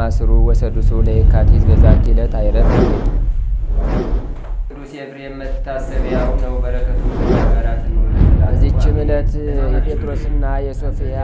ማስሩ ወሰዱሱ ለየካቲት በዛቲ ዕለት አይረፍ ቅዱስ ኤፍሬም መታሰቢያው ነው። በረከቱ በዚችም ዕለት የጴጥሮስና የሶፊያ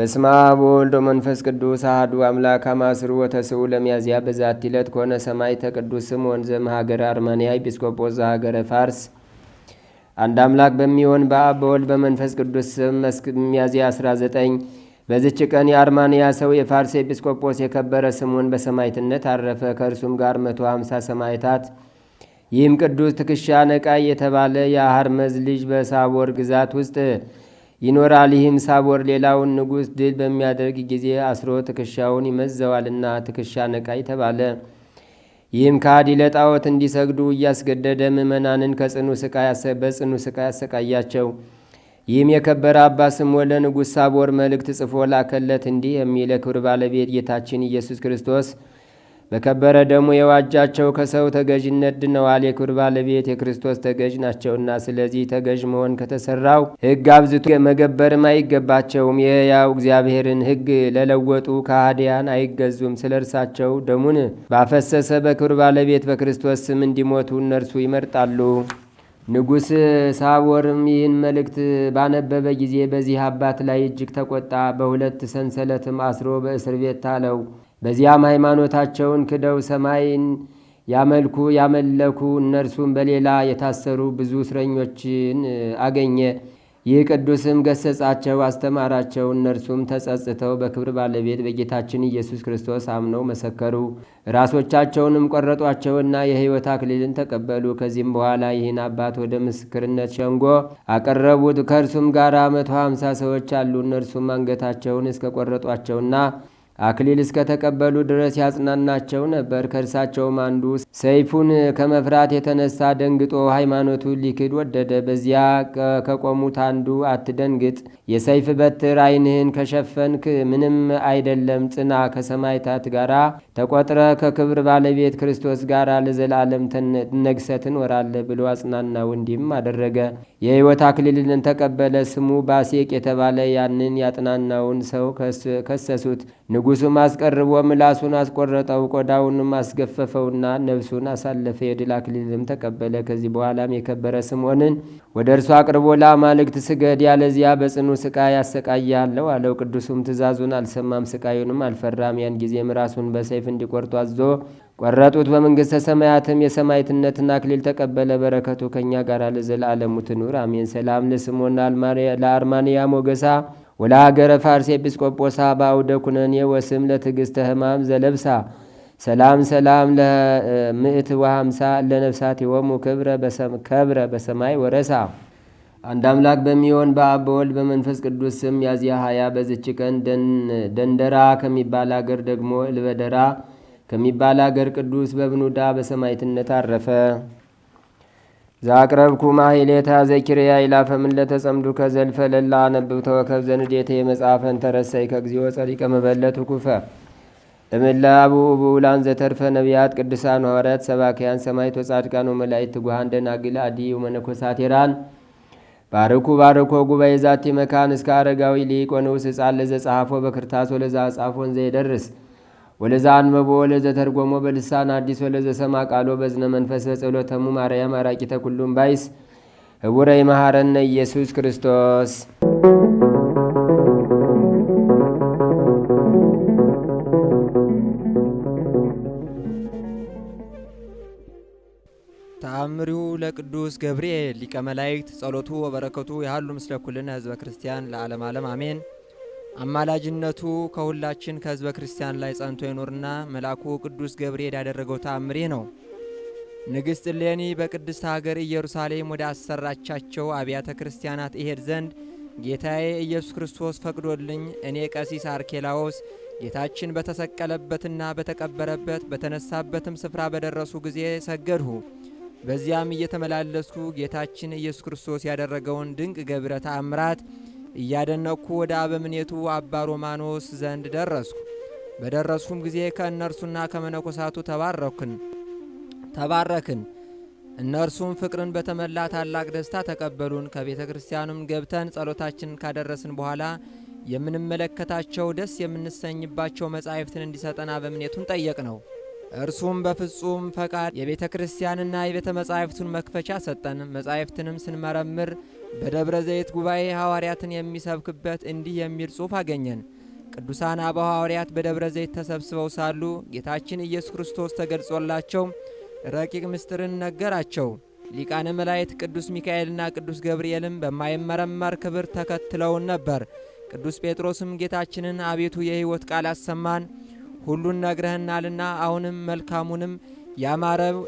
በስማ በወልዶ መንፈስ ቅዱስ አህዱ አምላክ አማስሩ ወተስኡ ለሚያዝያ በዛቲ ዕለት ከሆነ ሰማዕተ ቅዱስ ስምዖን ዘእምሀገረ አርመንያ ኤጲስቆጶስ ዘሀገረ ፋርስ አንድ አምላክ በሚሆን በአብ በወልድ በመንፈስ ቅዱስ ስም ሚያዝያ 19 በዚች ቀን የአርማንያ ሰው የፋርስ ኤጲስቆጶስ የከበረ ስሙን በሰማይትነት አረፈ። ከእርሱም ጋር መቶ ሃምሳ ሰማዕታት። ይህም ቅዱስ ትክሻ ነቃይ የተባለ የአሐርመዝ ልጅ በሳቦር ግዛት ውስጥ ይኖራል። ይህም ሳቦር ሌላውን ንጉሥ ድል በሚያደርግ ጊዜ አስሮ ትከሻውን ይመዘዋልና ትከሻ ነቃይ ተባለ። ይህም ከሃዲ ለጣዖት እንዲሰግዱ እያስገደደ ምእመናንን ከጽኑ ስቃይ በጽኑ ስቃይ አሰቃያቸው። ይህም የከበረ አባ ስምዖን ለንጉሥ ሳቦር መልእክት ጽፎ ላከለት። እንዲህ የሚል የክብር ባለቤት ጌታችን ኢየሱስ ክርስቶስ በከበረ ደሙ የዋጃቸው ከሰው ተገዥነት ድነዋል። የክብር ባለቤት የክርስቶስ ተገዥ ናቸውና፣ ስለዚህ ተገዥ መሆን ከተሰራው ሕግ አብዝቶ መገበርም አይገባቸውም። የሕያው እግዚአብሔርን ሕግ ለለወጡ ከሃዲያን አይገዙም። ስለ እርሳቸው ደሙን ባፈሰሰ በክብር ባለቤት በክርስቶስ ስም እንዲሞቱ እነርሱ ይመርጣሉ። ንጉሥ ሳቦርም ይህን መልእክት ባነበበ ጊዜ በዚህ አባት ላይ እጅግ ተቆጣ። በሁለት ሰንሰለትም አስሮ በእስር ቤት ታለው። በዚያም ሃይማኖታቸውን ክደው ሰማይን ያመልኩ ያመለኩ እነርሱም በሌላ የታሰሩ ብዙ እስረኞችን አገኘ። ይህ ቅዱስም ገሰጻቸው፣ አስተማራቸው። እነርሱም ተጸጽተው በክብር ባለቤት በጌታችን ኢየሱስ ክርስቶስ አምነው መሰከሩ። ራሶቻቸውንም ቆረጧቸውና የሕይወት አክሊልን ተቀበሉ። ከዚህም በኋላ ይህን አባት ወደ ምስክርነት ሸንጎ አቀረቡት። ከእርሱም ጋር መቶ ሀምሳ ሰዎች አሉ። እነርሱም አንገታቸውን እስከ ቆረጧቸውና አክሊል እስከተቀበሉ ድረስ ያጽናናቸው ነበር። ከእርሳቸውም አንዱ ሰይፉን ከመፍራት የተነሳ ደንግጦ ሃይማኖቱን ሊክድ ወደደ። በዚያ ከቆሙት አንዱ አትደንግጥ፣ የሰይፍ በትር ዓይንህን ከሸፈንክ ምንም አይደለም፣ ጽና፣ ከሰማይታት ጋር ተቆጥረ ከክብር ባለቤት ክርስቶስ ጋር ለዘላለም ነግሰ ትኖራለህ ብሎ አጽናናው። እንዲህም አደረገ። የሕይወት አክሊልን ተቀበለ። ስሙ ባሴቅ የተባለ ያንን ያጥናናውን ሰው ከሰሱት። ንጉሡም አስቀርቦ ምላሱን አስቆረጠው፣ ቆዳውንም አስገፈፈውና ነፍሱን አሳለፈ። የድል አክሊልም ተቀበለ። ከዚህ በኋላም የከበረ ስምዖንን ወደ እርሱ አቅርቦ ለአማልክት ስገድ፣ ያለዚያ በጽኑ ስቃይ ያሰቃያለሁ አለው። ቅዱሱም ትእዛዙን አልሰማም፣ ስቃዩንም አልፈራም። ያን ጊዜም ራሱን በሰይፍ እንዲቆርጡ አዞ ቆረጡት። በመንግሥተ ሰማያትም የሰማዕትነትን አክሊል ተቀበለ። በረከቱ ከእኛ ጋር ለዘላለሙ ትኑር አሜን። ሰላም ለስምዖን ለአርማንያ ሞገሳ ወለአገረ ፋርስ ኤጲስቆጶሳ በአውደ ኩነኔ ወስም ለትዕግሥተ ሕማም ዘለብሳ ሰላም ሰላም ለምእት ወሃምሳ ለነፍሳት የወሙ ከብረ በሰማይ ወረሳ። አንድ አምላክ በሚሆን በአብ በወልድ በመንፈስ ቅዱስ ስም ያዝያ ሀያ በዝች ቀን ደንደራ ከሚባል አገር ደግሞ ልበደራ ከሚባል አገር ቅዱስ በብኑዳ በሰማይትነት አረፈ። ዛቅረብኩ ማሂሌታ ዘኪርያ ይላፈምን ለተጸምዱ ከዘልፈ ለላ ነብብ ተወከብ ዘንዴቴ የመጽሐፈን ተረሳይ ከእግዚኦ ጸሪቀ መበለት ኩፈ እምላቡ ብኡላን ዘተርፈ ነቢያት ቅዱሳን ሐዋርያት ሰባኪያን ሰማይት ወጻድቃን ወመላእክት ትጉሃን ደናግል አዲ መነኮሳት ሄራን ባርኩ ባርኮ ጉባኤ ዛቲ መካን እስከ አረጋዊ ሊቆ ንዑስ ሕፃን ለዘ ጸሐፎ በክርታሶ ለዛ ጻፎን ዘይደርስ ወለዛ አንበቦ ወለዘ ተርጎሞ በልሳን አዲስ ወለዘ ሰማ ቃሎ በዝነ መንፈስ በጸሎተሙ ማርያም አራቂ ተኩሉም ባይስ ህቡረ ይመሃረነ ኢየሱስ ክርስቶስ። ተአምሪሁ ለቅዱስ ገብርኤል ሊቀ መላእክት ጸሎቱ ወበረከቱ ያህሉ ምስለ ኩልነ ህዝበ ክርስቲያን ለዓለም ዓለም አሜን። አማላጅነቱ ከሁላችን ከህዝበ ክርስቲያን ላይ ጸንቶ ይኖርና መልአኩ ቅዱስ ገብርኤል ያደረገው ተአምሬ ነው። ንግሥት እሌኒ በቅድስት ሀገር ኢየሩሳሌም ወደ አሰራቻቸው አብያተ ክርስቲያናት እሄድ ዘንድ ጌታዬ ኢየሱስ ክርስቶስ ፈቅዶልኝ እኔ ቀሲስ አርኬላዎስ ጌታችን በተሰቀለበትና በተቀበረበት በተነሳበትም ስፍራ በደረሱ ጊዜ ሰገድሁ። በዚያም እየተመላለስኩ ጌታችን ኢየሱስ ክርስቶስ ያደረገውን ድንቅ ገብረ ተአምራት እያደነቅኩ ወደ አበምኔቱ አባ ሮማኖስ ዘንድ ደረስኩ። በደረስኩም ጊዜ ከእነርሱና ከመነኮሳቱ ተባረክን ተባረክን። እነርሱም ፍቅርን በተመላ ታላቅ ደስታ ተቀበሉን። ከቤተ ክርስቲያኑም ገብተን ጸሎታችንን ካደረስን በኋላ የምንመለከታቸው ደስ የምንሰኝባቸው መጻሕፍትን እንዲሰጠን አበምኔቱን ጠየቅ ነው። እርሱም በፍጹም ፈቃድ የቤተ ክርስቲያንና የቤተ መጻሕፍቱን መክፈቻ ሰጠን። መጻሕፍትንም ስንመረምር በደብረ ዘይት ጉባኤ ሐዋርያትን የሚሰብክበት እንዲህ የሚል ጽሑፍ አገኘን። ቅዱሳን አበው ሐዋርያት በደብረ ዘይት ተሰብስበው ሳሉ ጌታችን ኢየሱስ ክርስቶስ ተገልጾላቸው ረቂቅ ምስጢርን ነገራቸው። ሊቃነ መላእክት ቅዱስ ሚካኤልና ቅዱስ ገብርኤልም በማይመረመር ክብር ተከትለውን ነበር። ቅዱስ ጴጥሮስም ጌታችንን አቤቱ የሕይወት ቃል አሰማን፣ ሁሉን ነግረህናልና አሁንም መልካሙንም ያማረው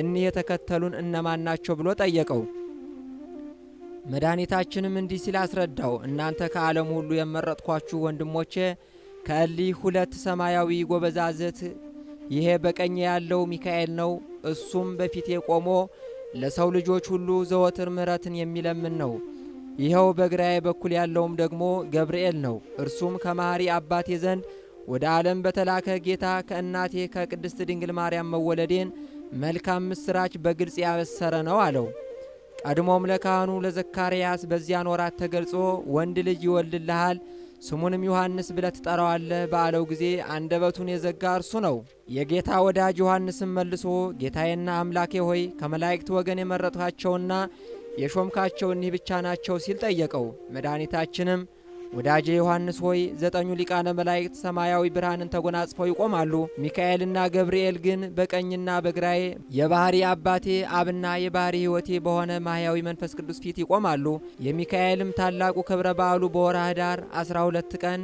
እኒህ የተከተሉን እነማን ናቸው ብሎ ጠየቀው። መድኃኒታችንም እንዲህ ሲል አስረዳው። እናንተ ከዓለም ሁሉ የመረጥኳችሁ ወንድሞቼ ከእሊህ ሁለት ሰማያዊ ጎበዛዝት ይሄ በቀኝ ያለው ሚካኤል ነው። እሱም በፊቴ ቆሞ ለሰው ልጆች ሁሉ ዘወትር ምሕረትን የሚለምን ነው። ይኸው በግራዬ በኩል ያለውም ደግሞ ገብርኤል ነው። እርሱም ከማሪ አባቴ ዘንድ ወደ ዓለም በተላከ ጌታ ከእናቴ ከቅድስት ድንግል ማርያም መወለዴን መልካም ምስራች በግልጽ ያበሰረ ነው አለው። ቀድሞም ለካህኑ ለዘካርያስ በዚያን ወራት ተገልጾ ወንድ ልጅ ይወልድልሃል ስሙንም ዮሐንስ ብለ ትጠራዋለህ ባለው ጊዜ አንደበቱን የዘጋ እርሱ ነው። የጌታ ወዳጅ ዮሐንስም መልሶ ጌታዬና አምላኬ ሆይ ከመላእክት ወገን የመረጥካቸውና የሾምካቸው እኒህ ብቻ ናቸው ሲል ጠየቀው። መድኃኒታችንም ወዳጄ ዮሐንስ ሆይ ዘጠኙ ሊቃነ መላእክት ሰማያዊ ብርሃንን ተጎናጽፈው ይቆማሉ። ሚካኤልና ገብርኤል ግን በቀኝና በግራዬ የባህሪ አባቴ አብና የባህሪ ሕይወቴ በሆነ ማህያዊ መንፈስ ቅዱስ ፊት ይቆማሉ። የሚካኤልም ታላቁ ክብረ በዓሉ በወርሃ ኅዳር 12 ቀን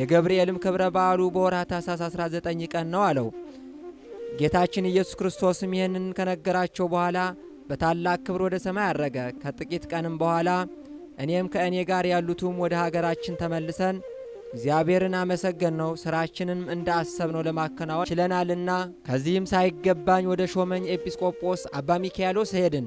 የገብርኤልም ክብረ በዓሉ በወርሃ ታኅሳስ 19 ቀን ነው አለው። ጌታችን ኢየሱስ ክርስቶስም ይህንን ከነገራቸው በኋላ በታላቅ ክብር ወደ ሰማይ አረገ። ከጥቂት ቀንም በኋላ እኔም ከእኔ ጋር ያሉትም ወደ ሀገራችን ተመልሰን እግዚአብሔርን አመሰገን ነው ስራችንም እንደ ነው ለማከናወን ችለናልና። ከዚህም ሳይገባኝ ወደ ሾመኝ ኤጲስቆጶስ አባ ሚካኤሎስ ሄድን።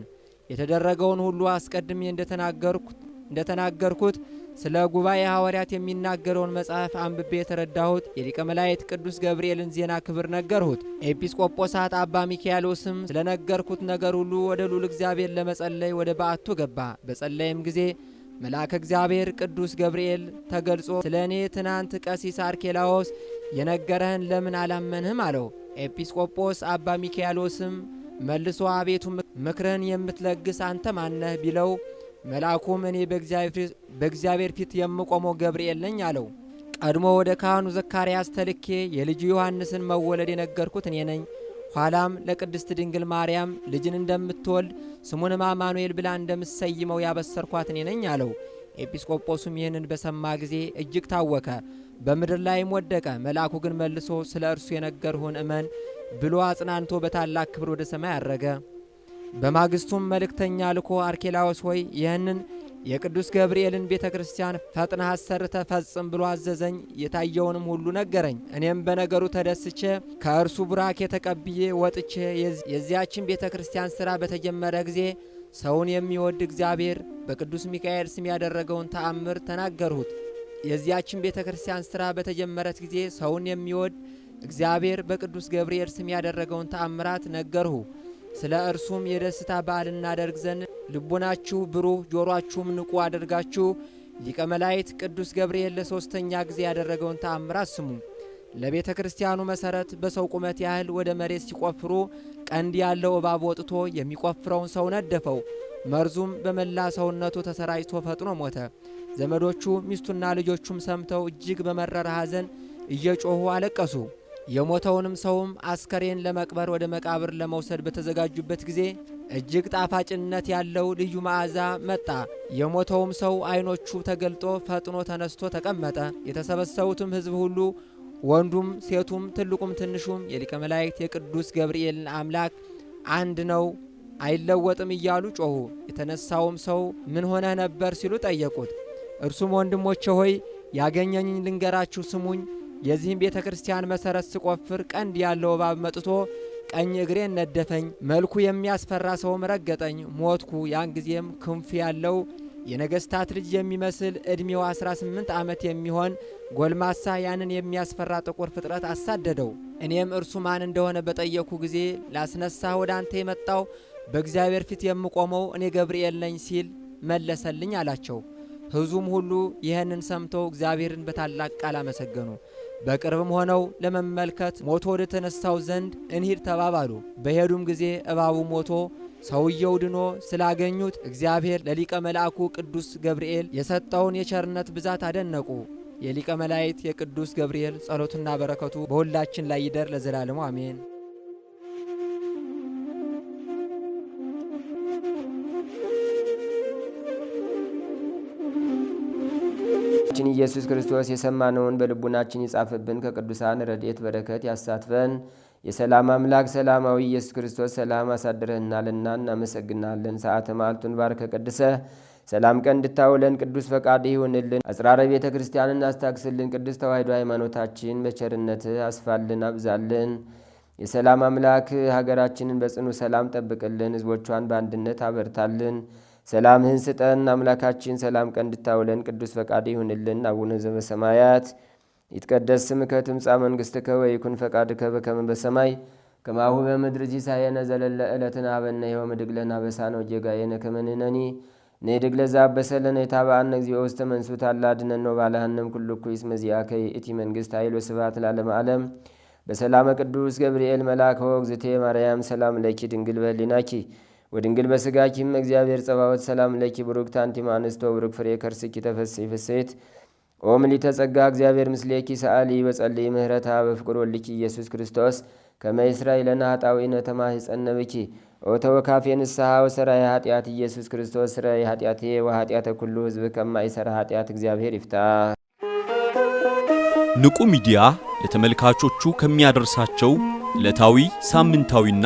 የተደረገውን ሁሉ አስቀድሜ እንደተናገርኩት ስለ ጉባኤ ሐዋርያት የሚናገረውን መጽሐፍ አንብቤ የተረዳሁት የሊቀ መላእክት ቅዱስ ገብርኤልን ዜና ክብር ነገርሁት። ኤጲስቆጶሳት አባ ሚካኤሎስም ስለነገርኩት ነገር ሁሉ ወደ ልዑል እግዚአብሔር ለመጸለይ ወደ በዓቱ ገባ። በጸለይም ጊዜ መልአከ እግዚአብሔር ቅዱስ ገብርኤል ተገልጾ ስለ እኔ ትናንት ቀሲስ አርኬላዎስ የነገረህን ለምን አላመንህም? አለው። ኤጲስቆጶስ አባ ሚካኤሎስም መልሶ አቤቱ ምክርህን የምትለግስ አንተ ማነህ? ቢለው መልአኩም እኔ በእግዚአብሔር ፊት የምቆመው ገብርኤል ነኝ አለው። ቀድሞ ወደ ካህኑ ዘካርያስ ተልኬ የልጁ ዮሐንስን መወለድ የነገርኩት እኔ ነኝ። ኋላም ለቅድስት ድንግል ማርያም ልጅን እንደምትወልድ ስሙንም አማኑኤል ብላ እንደምትሰይመው ያበሰርኳት እኔ ነኝ አለው። ኤጲስቆጶሱም ይህንን በሰማ ጊዜ እጅግ ታወከ፣ በምድር ላይም ወደቀ። መልአኩ ግን መልሶ ስለ እርሱ የነገርሁን እመን ብሎ አጽናንቶ በታላቅ ክብር ወደ ሰማይ አረገ። በማግስቱም መልእክተኛ ልኮ አርኬላዎስ ሆይ ይህንን የቅዱስ ገብርኤልን ቤተ ክርስቲያን ፈጥነህ አሰርተ ፈጽም ብሎ አዘዘኝ። የታየውንም ሁሉ ነገረኝ። እኔም በነገሩ ተደስቼ ከእርሱ ቡራኬ ተቀብዬ ወጥቼ የዚያችን ቤተ ክርስቲያን ሥራ በተጀመረ ጊዜ ሰውን የሚወድ እግዚአብሔር በቅዱስ ሚካኤል ስም ያደረገውን ተአምር ተናገርሁት። የዚያችን ቤተ ክርስቲያን ሥራ በተጀመረት ጊዜ ሰውን የሚወድ እግዚአብሔር በቅዱስ ገብርኤል ስም ያደረገውን ተአምራት ነገርሁ። ስለ እርሱም የደስታ በዓል እናደርግ ዘንድ ልቡናችሁ ብሩህ፣ ጆሮአችሁም ንቁ አድርጋችሁ ሊቀ መላእክት ቅዱስ ገብርኤል ለሶስተኛ ጊዜ ያደረገውን ተአምር ስሙ። ለቤተ ክርስቲያኑ መሰረት በሰው ቁመት ያህል ወደ መሬት ሲቆፍሩ ቀንድ ያለው እባብ ወጥቶ የሚቆፍረውን ሰው ነደፈው። መርዙም በመላ ሰውነቱ ተሰራጭቶ ፈጥኖ ሞተ። ዘመዶቹ ሚስቱና ልጆቹም ሰምተው እጅግ በመረረ ሐዘን እየጮኹ አለቀሱ። የሞተውንም ሰውም አስከሬን ለመቅበር ወደ መቃብር ለመውሰድ በተዘጋጁበት ጊዜ እጅግ ጣፋጭነት ያለው ልዩ መዓዛ መጣ። የሞተውም ሰው ዓይኖቹ ተገልጦ ፈጥኖ ተነስቶ ተቀመጠ። የተሰበሰቡትም ሕዝብ ሁሉ ወንዱም፣ ሴቱም፣ ትልቁም፣ ትንሹም የሊቀ መላእክት የቅዱስ ገብርኤልን አምላክ አንድ ነው አይለወጥም እያሉ ጮኹ። የተነሳውም ሰው ምን ሆነ ነበር ሲሉ ጠየቁት። እርሱም ወንድሞቼ ሆይ ያገኘኝ ልንገራችሁ ስሙኝ የዚህም ቤተ ክርስቲያን መሠረት ስቆፍር ቀንድ ያለው እባብ መጥቶ ቀኝ እግሬን ነደፈኝ። መልኩ የሚያስፈራ ሰውም ረገጠኝ፣ ሞትኩ። ያን ጊዜም ክንፍ ያለው የነገስታት ልጅ የሚመስል ዕድሜው 18 ዓመት የሚሆን ጎልማሳ ያንን የሚያስፈራ ጥቁር ፍጥረት አሳደደው። እኔም እርሱ ማን እንደሆነ በጠየቅኩ ጊዜ ላስነሳህ ወደ አንተ የመጣው በእግዚአብሔር ፊት የምቆመው እኔ ገብርኤል ነኝ ሲል መለሰልኝ አላቸው። ሕዝቡም ሁሉ ይህንን ሰምተው እግዚአብሔርን በታላቅ ቃል አመሰገኑ። በቅርብም ሆነው ለመመልከት ሞቶ ወደ ተነሳው ዘንድ እንሂድ ተባባሉ። በሄዱም ጊዜ እባቡ ሞቶ ሰውየው ድኖ ስላገኙት እግዚአብሔር ለሊቀ መልአኩ ቅዱስ ገብርኤል የሰጠውን የቸርነት ብዛት አደነቁ። የሊቀ መላእክት የቅዱስ ገብርኤል ጸሎትና በረከቱ በሁላችን ላይ ይደር ለዘላለሙ አሜን። ጌታችን ኢየሱስ ክርስቶስ የሰማነውን በልቡናችን ይጻፍብን፣ ከቅዱሳን ረድኤት በረከት ያሳትፈን። የሰላም አምላክ ሰላማዊ ኢየሱስ ክርስቶስ ሰላም አሳድረህናልና እናመሰግናለን። ሰዓተ ማልቱን ባርከ ቀድሰ ሰላም ቀን እንድታውለን ቅዱስ ፈቃድ ይሁንልን። አጽራረ ቤተ ክርስቲያን አስታክስልን። ቅዱስ ተዋሕዶ ሃይማኖታችን በቸርነት አስፋልን፣ አብዛልን። የሰላም አምላክ ሀገራችንን በጽኑ ሰላም ጠብቅልን፣ ህዝቦቿን በአንድነት አበርታልን። ሰላምህን ስጠን። አምላካችን ሰላም ቀን እንድታውለን ቅዱስ ፈቃድ ይሁንልን። አቡነ ዘበሰማያት ይትቀደስ ስምከ ትምጻእ መንግሥትከ ወይኩን ፈቃድከ በከመ በሰማይ ከማሁ በምድር ሲሳየነ ዘለለ ዕለትነ ሀበነ ዮም ኅድግ ለነ አበሳነ ወጌጋየነ ከመ ንሕነኒ ንኅድግ ለዘአበሰ ለነ እግዚኦ ውስተ መንሱት አላ አድኅነነ ኩሉ እኩይ እስመ ይእቲ መንግሥት ኃይል ወስብሐት ለዓለመ ዓለም በሰላመ ቅዱስ ገብርኤል መላክ ሆ ማርያም ሰላም ለኪ ድንግል በኅሊናኪ ወድንግል በስጋኪም እግዚአብሔር ጸባወት ሰላም ለኪ ብሩክ አንቲ እምአንስቶ ብሩክ ፍሬ ከርስኪ ተፈሥሒ ፍሴት ኦም ምልዕተ ጸጋ እግዚአብሔር ምስሌኪ ሰአሊ በጸልይ ምህረታ በፍቅር ወልኪ ኢየሱስ ክርስቶስ ከመ ይሥራይ ለነ ነተማ ይጸነብኪ ብኪ ኦ ተወካፌ ንስሓ ወሰራይ ኃጢአት ኢየሱስ ክርስቶስ ስራይ ኃጢአቴ ወኃጢአተ ኩሉ ሕዝብ ከማይሠራ ኃጢአት እግዚአብሔር ይፍታ። ንቁ ሚዲያ ለተመልካቾቹ ከሚያደርሳቸው ዕለታዊ ሳምንታዊና